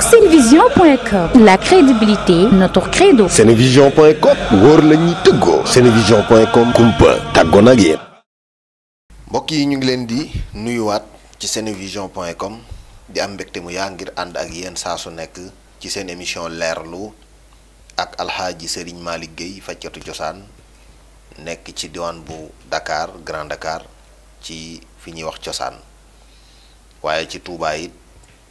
Senevision.com la crédibilité notre credo. Senevision.com wóor la ñuy tëggoo. kumpa tàggoon ak yéen. mbokk yi ñu ngi leen di nuyuwaat ci Senevision.com di am mbégte mu yaa ngir ànd ak yenn saa su nekk ci seen émission leerlu ak alxaaji Serigne Malick liggéey faccatu cosaan. nekk ci diwaan bu Dakar Grand Dakar ci fi ñuy wax cosaan waaye ci tuubaay it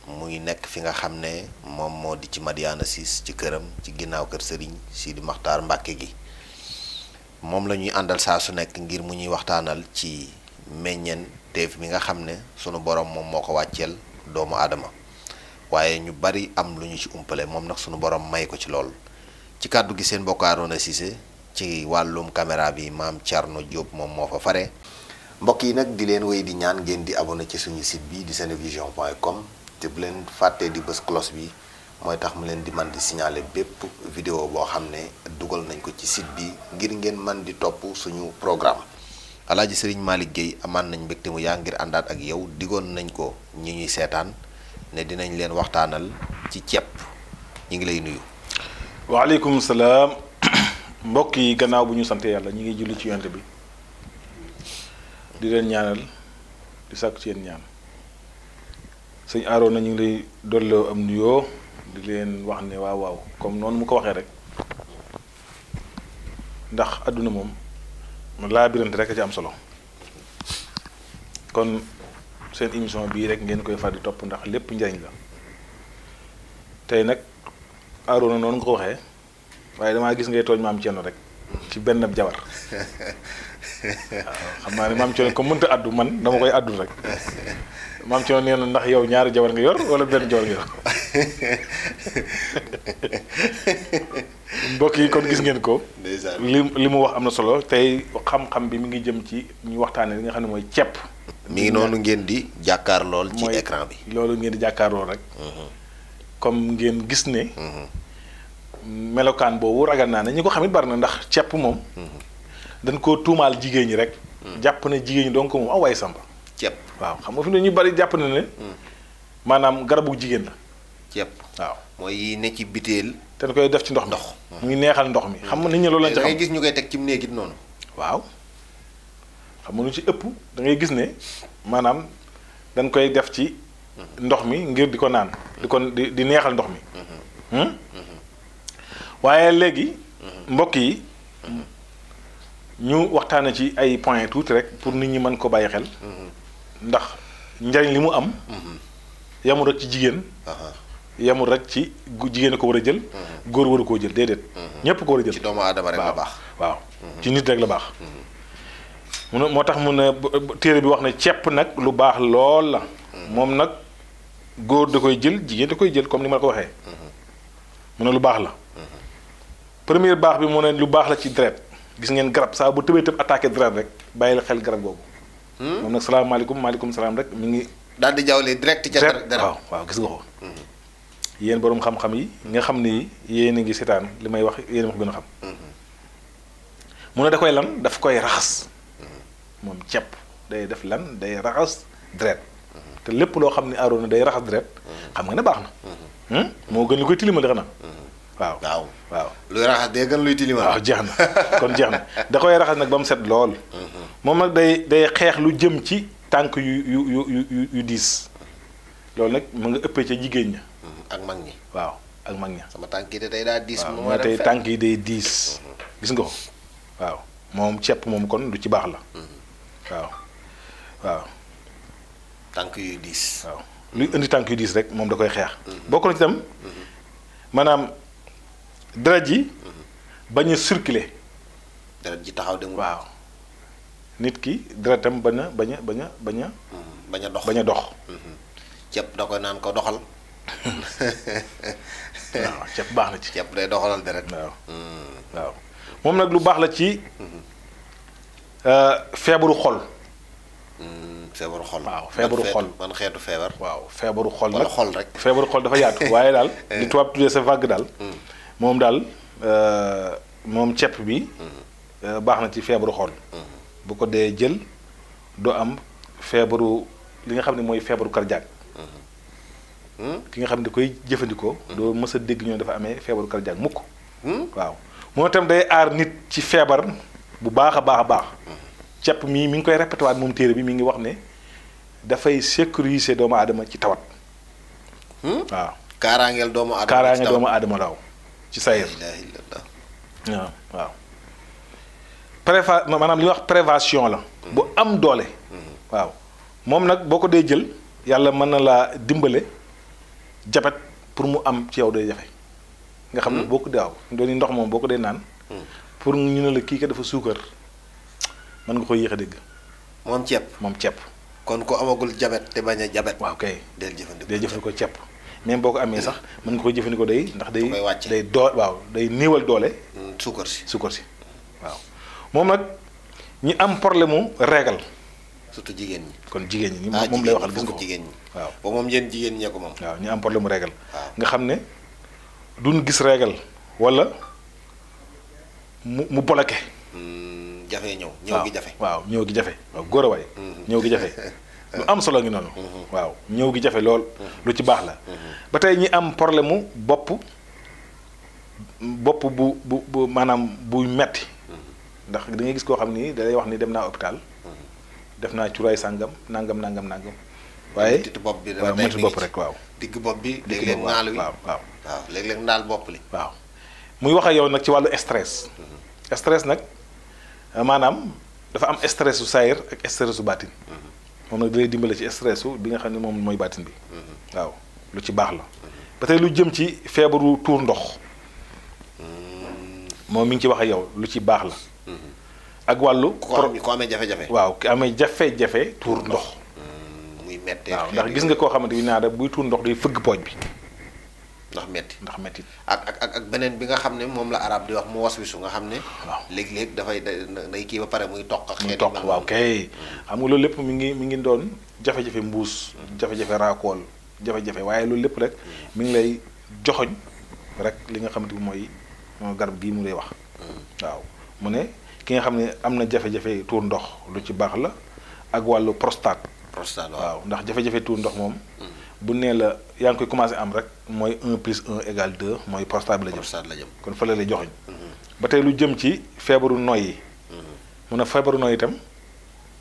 muy nekk fi nga xam ne moom moo di ci Madiana Ciss ci këram ci ginnaaw kër sëriñ Serigne Sidi Maxtaar Mbàkke gi moom la ñuy àndal saa su nekk ngir mu ñuy waxtaanal ci meññen teef bi nga xam ne sunu borom moom moo ko wàcceel doomu aadama waaye ñu bari am lu ñu ci umpale moom nag sunu borom may ko ci lool ci kàddu gi seen bokk Arona Cissé ci wàllum caméra bi maam Thierno Diop moom moo fa fare mbokk yi nag di leen wéy di ñaan ngeen di abonné ci suñu site bi di senevision point com te bu leen fàttee di bës cloche bi mooy tax mu leen di man di signaler bépp vidéo boo xam ne dugal nañ ko ci site bi ngir ngeen man di topp suñu programme alaaji sëriñ maa liggéey amaan nañ mbégte mu yaa ngir àndaat ak yow digoon nañ ko ñi ñuy seetaan ne dinañ leen waxtaanal ci ceeb ñu ngi lay nuyu waaleykum salaam mbokk yi gannaaw bu ñu sante yàlla ñu ngi julli ci yonte bi di leen ñaanal di sàkku ci yéen ñaan sëñ Arona ñu ngi lay dolloo am nuyoo di leen wax ne waaw waaw comme noonu mu ko waxee rek ndax àdduna moom laa birante rek ci am solo kon seen émission bii rek ngeen koy far di topp ndax lépp njariñ la tey nag Arona noonu nga ko waxee waaye damaa gis ngay tooñ maam Thierno rek ci benn jabar waaw xam naa ne maam Thierno comme mënta addu man dama koy addu rek maam Thierno nee na ndax yow ñaari jabar nga yor wala benn jabar nga yor mbokk yi kon gis ngeen ko. li li mu wax am na solo tey xam-xam bi mi ngi jëm ci ñu waxtaanee li nga xam ne mooy ceeb. mi ngi noonu ngeen di jàkkaarlool. ci écran bi loolu ngeen di jàkkaarlool rek. Mm-hmm. comme ngeen gis ne. Mm-hmm. melokaan boobu ragal naa ne ñi ko xamit bari na ndax cepp moom dañ koo tuumaal jigéen ñi rek jàpp na jigéen ñi donc moom aw waaye samba cepp waaw xam nga fi ne ñu bari jàpp na ne maanaam garabu jigéen la cepp waaw mooy yi ne ci biteel te koy def ci ndox ndox mu ngi neexal ndox mi xam nga nit ñi loolu lañ ci xam da ngay gis ñu koy teg ci néegit noonu waaw xam ci ëpp da gis ne maanaam dañ koy def ci mm-hmm. ndox mi ngir di ko naan di ko di neexal ndox mi mm-hmm. Hmm? Mm-hmm. waaye léegi. mbokk yi. ñu waxtaana ci ay point tuuti rek pour nit ñi mën ko bàyyi xel. ndax njariñ li mu am. yamul rek ci jigéen. yamul rek ci jigéen ko war a jël. góor waru koo jël déedéet. ñëpp ko war a jël ci doomu aadama rek baax waaw mhm. ci nit rek la baax. Mhm. mu moo tax mu ne téere bi wax na cepp nag lu baax lool la. Mhm. moom nag góor da koy jël jigéen da koy jël comme ni ma la ko waxee. mu ne lu baax la. première baax bi moo ne lu baax la ci deret gis ngeen garab saa bu tëbee tëb attaqué deret rek bàyyil xel garab googu. Hmm? moom nag salaamaaleykum maaleykum salaam rek mu ngi. daal di jawlee direct ca dara waaw gis nga ko. Hmm. yéen borom xam-xam yi nga xam ni yéen a ngi seetaan li may wax yéen a ma a xam. Hmm. mu ne da koy lan daf koy raxas. moom ceeb day def lan day raxas deret. te lépp loo xam ne aaroon na day raxas deret. xam nga ne baax na. moo gën lu koy tilimal xanaa. waaw waaw waaw. luy raxas dee gën luy tilimaan. jeex na kon jeex na da koy raxas nag ba mu set lool. Mm-hmm. moom nag day day xeex lu jëm ci tànk yu yu yu yu diis loolu nag mu nga ëppee ca jigéen ña. Mm-hmm. ak mag ñi waaw ak mag ña. sama tànk de day daa diis. moo tey tànk yi day diis. Mm-hmm. gis nga ko waaw moom ceeb moom kon lu ci baax la. waaw waaw. tànk yuy diis. luy indi tànk yu diis rek moom da koy xeex. bokk na ci tam maanaam. deret ji bañ a circuler. deret ji taxaw dem waaw. nit ki deretam bañ a bañ a bañ a bañ hmm, bañ dox bañ a dox. Hmm. ceeb da koy naan ko doxal. waaw ceeb baax la ci. ceeb day doxalal deret. Hmm. waaw moom nag lu baax la ci euh, feebaru xol. feebaru xol. waaw feebaru xol man xeetu feebar. waaw feebaru xol nag wala rek. feebaru xol dafa yaatu waaye daal. Eh. li tubaab tuddee sa vague daal. moom daal euh, moom cepp bi mhm. euh, baax na ci feebaru xool mhm. bu ko dee jël du am feebaru li nga xam ne mooy feebaru cardiaque mhm. hmm? ki nga xam ne koy jëfandikoo doo mës dégg ñoo dafa amee feebaru cardiaque mukk hmm? waaw moo tam day aar nit ci feebar bu baax a baax a baax cep mii mu ngi koy répété waat moom téere bi mi ngi wax ne dafay sécuriser doomu aadama ci tawat hmm? waaw kaaraangeel doomu aadama kaaraangeel doomu aadama laaw ci sayir waaw ah, waaw préva maanaam li wax prévention la bu hmm. am doole hmm. waaw moom nag boo ko dee jël yàlla mën na laa dimbale jabet pour mu am ci yow day jafe nga xam ne hmm. boo ko daaw dooni ndox moom boo ko dee naan pour ñu ne la kii ka dafa suukar mën nga ko yéex a dégg moom ceeb moom ceeb kon ko amagul jabet te bañ a jabet waaw kay del jëfandikoo ceeb même boo ko amee sax mën nga koy jëfandikoo day ndax day day doo waaw day néewal doole mm, suukar si suukar si waaw moom nag ñi am problème mu régal surtout jigéen ñi kon jigéen ñi ah, moom lay waxal gis nga ko ñi waaw moom yéen jigéen ñee ko moom waaw ñi am problème mu régal ah. nga xam ne duñ gis régal wala mu mu bloqué mm, jafe ñëw ñëw gi jafe waaw ñëw gi jafe góor a waay mm-hmm. ñëw gi jafe lu am solo ngi noonu. waaw ñëw gi jafe lool. lu ci baax la. ba tey ñi am problème mu bopp bopp bu bu bu maanaam buy metti ndax da gis koo xam ni da wax ni dem naa hôpital. def naa cuuraay sàngam nangam nangam nangam. waaye métti bopp bi dafa métti bopp rek waaw. digg bopp bi léeg-léeg waaw waaw. waaw léeg-léeg bopp li. waaw muy wax ak yow nag ci wàllu stress. stress nag maanaam dafa am stress su saayir ak stress su baatin. moom nag dalay dimbale ci stress bi nga xam ne moom mooy baatin bi mm-hmm. waaw lu ci baax la ba tey lu jëm ci feebaru tuur ndox mm-hmm. moom mi ngi ci wax ak yow lu ci baax la mm-hmm. ak wàllu ko amee jafe-jafe waaw ki amee jafe-jafe tuur ndox muy metti waaw ndax gis nga koo xamante bi naa da buy tuur ndox day fëgg pooj bi ndax metti ndax metti ak ak ak ak beneen bi nga xam ne moom la arab di wax mu waswisu nga xam ne. waaw léeg-léeg dafay day kii ba pare muy toq ak. xeetu toq waaw kay. xam nga loolu lépp mu ngi mi ngi doon jafe-jafe mbuus. Mhm. jafe-jafe raakool jafe-jafe waaye loolu lépp rek mi ngi lay joxoñ rek li nga xamante ni mooy garab gii mu lay wax. Mhm. waaw mu ne ki nga xam ne am na jafe-jafe tuur ndox lu ci baax la ak wàllu prostate. prostate waaw ndax jafe-jafe tuur ndox moom. bu nee la yaa ngi koy commencé am rek mooy un plus un égal deux mooy prostate la jëm. prostate la jëm kon fële la joxoñ mhm. ba te lu jëm ci feebaru yi mhm. mun a feebaru noyyi itam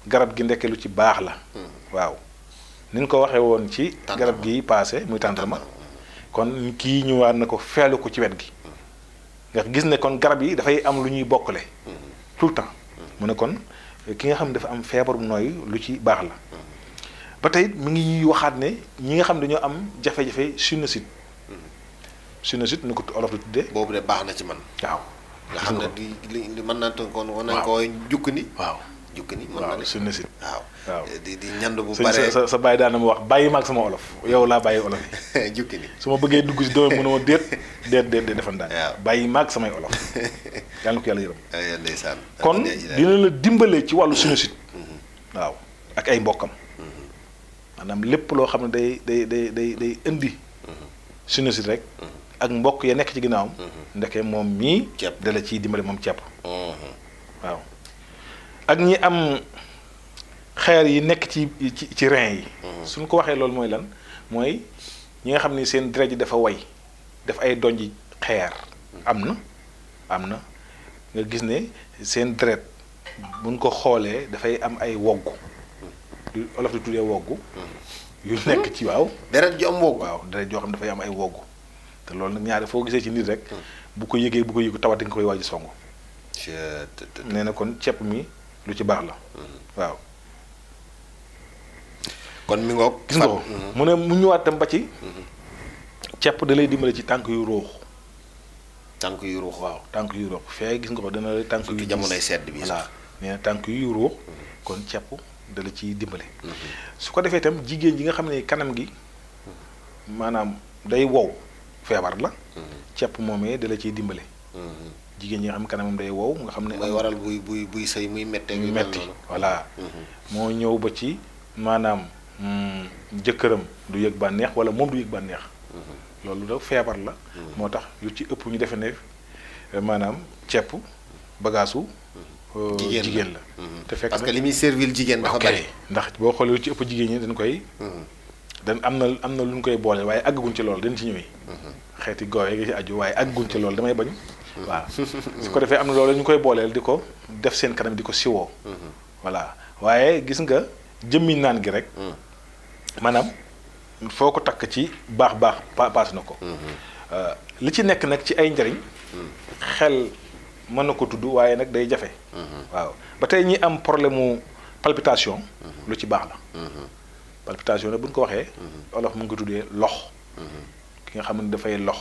garab gi ndekke lu ci baax la. Mhm. waaw ni ko waxee woon ci. garab gi paase muy tàndarma kon kii ñëwaat na ko feelu ko ci wet gi. ndax gis ne kon garab yi dafay am lu ñuy bokkale. tout le temps mu ne kon ki nga xam ne dafa am feebaru nooy lu ci baax la. ba tey mu ngi ñuy waxaat ne ñi nga xam ne dañoo am jafe-jafe sinusite mm-hmm. sinusite nu ko olof la tuddee. boobu de baax na ci man. waaw nga xam ne di li mën naa tënkoon. waaw war nañ ko jukk ni. waaw jukk ni mën na sinusite. waaw eh, di di ñand bu bare sa sa bàyyi daan na wax bàyyi ma sama olof yow laa bàyyi olof yi. jukki su ma bëggee dugg si doom mënoo déet déet déet déet bàyyi maak samay olof yàlla na yàlla yërëm. kon dina la dimbale ci wàllu sinusite. Mm-hmm. waaw ak ay mbokkam. maanaam lépp loo xam ne day day day day day indi sinusite rek ak mbokk ya nekk ci ginnaawam mhm. ndeke moom mii dala ciy dimbali moom ceeb mhm. waaw ak ñi am xeer yi nekk ci ci ci rein yi mhm. suñ ko waxee loolu mooy lan mooy ñi nga xam ni seen deret ji dafa way def ay donji xeer am na am na nga gis ne seen deret buñ ko xoolee dafay am ay wogg di olof di tuddee woggu yu nekk ci waaw deret ju am woggu waaw deret joo xam dafay am ay woggu te loolu nag ñaari foo gisee ci nit rek bu ko yëgee bu ko yëgu tawati nga koy waaj songu nee na kon ceeb mi lu ci baax la mm-hmm. waaw kon mi ngoog gis nga mm-hmm. mu ne mu ñëwaat tam ba ci mm-hmm. ceeb da lay dimbale ci tànk yu ruux tànk yu ruux waaw yu ruux fee gis nga ko dana lay tànk yu jamonoy sedd bi voilà nee na yu ruux kon ceeb dala ciy dimbale. su ko defee itam jigéen ji nga xam ne kanam gi maanaam day wow feebar la. ceeb moomee dala ciy dimbale. jigéen ñi nga xam kanamam day wow nga xam ne. mooy waral buy buy buy sëy muy méttee. muy metti voilà. moo ñëw ba ci maanaam mm, jëkkëram du yëg bànneex wala moom du yëg bànneex. loolu da feebar la. moo tax lu ci ëpp ñu defe ne maanaam ceeb bagaasu. Euh, jigéen la mm-hmm. te fekk parce que li muy servir jigéen dafa bari ndax boo xoolee lu ci ëpp jigéen ñi mm-hmm. dañ koy dan am na am na lu ñu koy boole waaye àggaguñ ci loolu dañ ci ñëwee mm-hmm. xeeti gooye gi ci aju waaye àggaguñ ci loolu damay bañ waaw su ko defee am na loolu ñu koy booleel di ko def seen kanam di ko siwoo voilà waaye gis nga jëmmi naan gi rek mm. maanaam foo ko takk ci baax baax paas na ko euh, li ci nekk nag ci ay njariñ mm. xel mën na ko tudd waaye nag day jafe. Mhm. waaw ba tey ñi am problème mu palpitation. Mhm. lu ci baax la. Mhm. palpitation nag bu ñu ko waxee. olof mu ngi ko tuddee lox. ki nga xam ne dafay lox.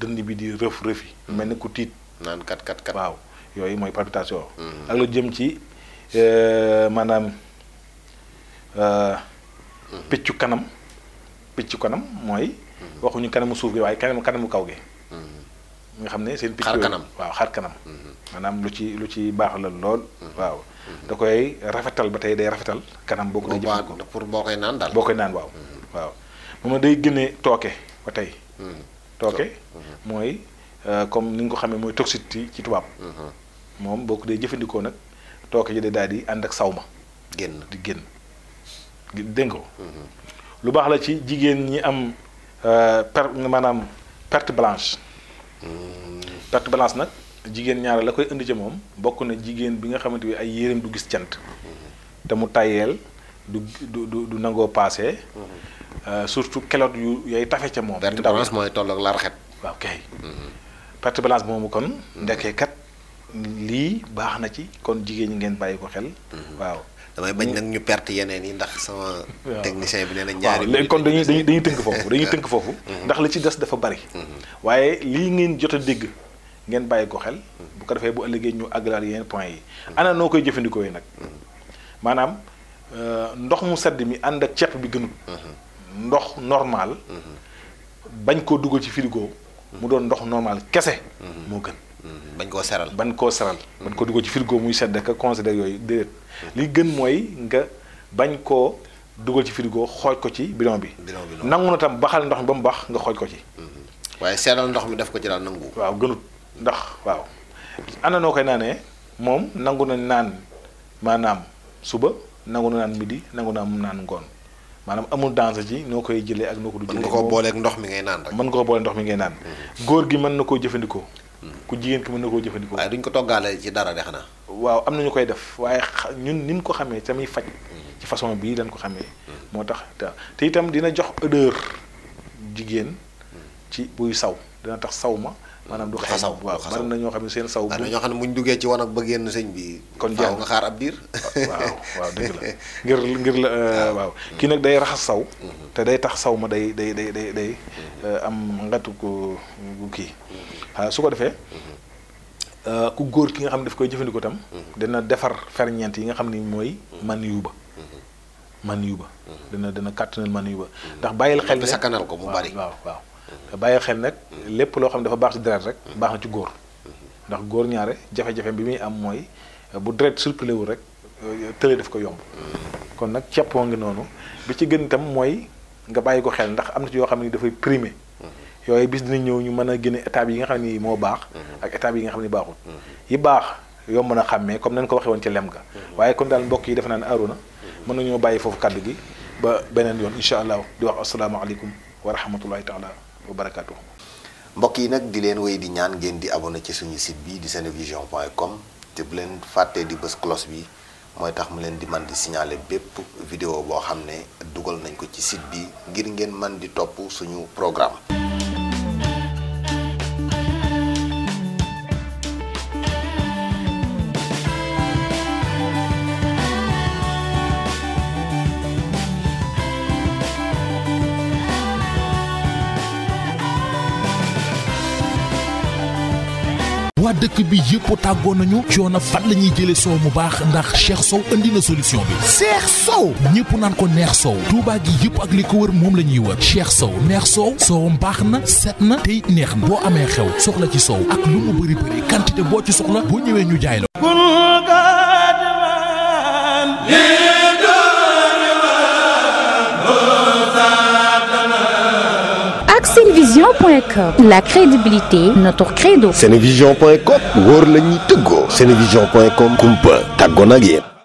dënd bi di rëf rëfi. mel ni ku tiit. naan kat kat kat waaw yooyu mooy palpitation. ak lu jëm ci euh, maanaam euh, piccu kanam piccu kanam mooy. waxuñu kanamu suuf gi waaye kanamu kaw gi. nga xam ne seen. picc xar kanam waaw xar kanam. Mhm. maanaam lu ci lu ci baax la lool. Mhm. waaw mhm. da koy rafetal ba tey day rafetal kanam boo ko. day pour boo koy naan daal. boo koy naan waaw. waaw day génne tooke ba tey. tooke mooy euh, comme ni nga ko xamee mooy toxicité ci tubaab. moom boo dee jëfandikoo nag tooke ji de daal di ànd ak saw ma génn di génn dégg ko lu baax la ci jigéen ñi am euh, per maanaam perte blanche. perte balance nag jigéen ñaara la koy indi ca moom bokk na jigéen bi nga xamante bi ay yéreem du gis cant te mu tayeel du du du nangoo paase. Euh, surtout keloot yu yay tafe ca moom. perte balance mooy tolloog la raxet. waaw mhm. moomu kon. Mhm. ndekkee lii baax na ci kon jigéen ñi ngeen bàyyi ko xel. Mhm. waaw. damay bañ nag ñu perte yeneen yi ndax sama. technicien bi nee na ñaari. waaw kon dañuy dañuy dañuy tënk foofu dañuy tënk foofu. Mhm. ndax li ci des dafa bari. Mhm. waaye lii ngeen jot a dégg ngeen bàyyi ko xel. Mhm. bu ko defee bu ëllëgee ñu àggalaal yeneen point yi. ana noo koy jëfandikoo yi nag. Euh, ndox mu sedd mi ànd ak ceeb bi gënul. ndox normal. bañ koo dugal ci frigo. mu doon ndox normal kese. moo gën. bañ koo seral bañ koo seral. bañ ko dugal ci frigo muy sedd ka considère yooyu déedéet. Hmm. li gën mooy nga bañ koo dugal ci frigo xooj ko ci bidon bi. bidon bi nangu na tam baxal ndox mi ba mu bax nga xooj ko ci. Hmm. waaye seeral ndox mi def ko ci daal nangu. waaw gënut ndax waaw. ana noo koy naanee moom nangu na naan maanaam suba nangu na naan midi nangu na naan ngoon maanaam amul danse ji noo koy jëlee ak noo ko. du jëlee mën nga koo booleeg ndox mi ngay naan rek. mën nga koo ndox mi ngay naan. Hmm. góor gi mën na koo jëfandikoo. ku jigéen ki mën na koo jëfandikoo. waaye duñ ko toggaale ci dara de na waaw am na ñu koy def waaye ñun ni ñu ko xamee tamit faj. Mm-hmm. ci façon bii lañ ko xamee. Mm-hmm. moo tax te itam dina jox odeur jigéen mm-hmm. ci buy saw dina tax saw ma. maanaam du xasaw waaw bari na ñoo xam ne seen saw bu ñoo xam ne muñ duggee ci wan ak ba génn sëñ bi kon jaaw nga xaar ab diir waaw waaw dëgg la ngir ngir la euh, waaw kii nag day raxas saw mhm. te day tax saw ma day day day day day mhm. euh, am ngatu ko kii mhm. su ko defee euh, ku góor ki nga xam ne daf koy jëfandikoo tam dina defar ferñeent yi nga xam ni mooy man yuuba man yuuba dina dina kàttanal man yuuba ndax bàyyil xel ne sakkanal ko mu bari bàyyi xel nag lépp loo xam ne dafa baax ci deret rek baax na ci góor ndax góor ñaare jafe-jafe bi muy am mooy bu deret circulé wul rek euh, tële daf ko yomb kon nag ceppoo ngi noonu bi ci gën itam mooy nga bàyyi ko xel ndax am na ci yoo xam ne dafay primé yooyu bis dina ñëw ñu mën a génne étapes yi nga xam ni moo baax ak étapes yi nga xam ni baaxul yi baax yomb na xàmmee comme nañ ko waxee woon ci lem ga waaye kon daal mbokk yi defe naa ne aruna mën nañoo bàyyi foofu kàddu gi ba beneen yoon incha allah di wax asalaamaaleykum wa rahmatullahi taala wa barakaatu. mbokk yi nag di leen wéy di ñaan ngeen di abonné ci suñu site bi di senevision.com te bu leen fàttee di bës close bi mooy tax mu leen di man di signaler bépp vidéo boo xam ne dugal nañ ko ci site bi ngir ngeen man di topp suñu programme. dëkk bi yëpp tàggoo nañu ci yoon a fan la ñuy jëlee soow mu baax ndax Cheikh Sow indi na solution bi Cheikh Sow ñëpp naan ko neex soow Touba gi yëpp ak li ko wër moom la ñuy wër Cheikh Sow neex soow soowam baax na set na te neex na boo amee xew soxla ci soow ak lu mu bëri bëri quantité boo ci soxla boo ñëwee ñu jaay la la crédibilité notre credo Senevision.com wóor la c'est une Senevision.com kumpa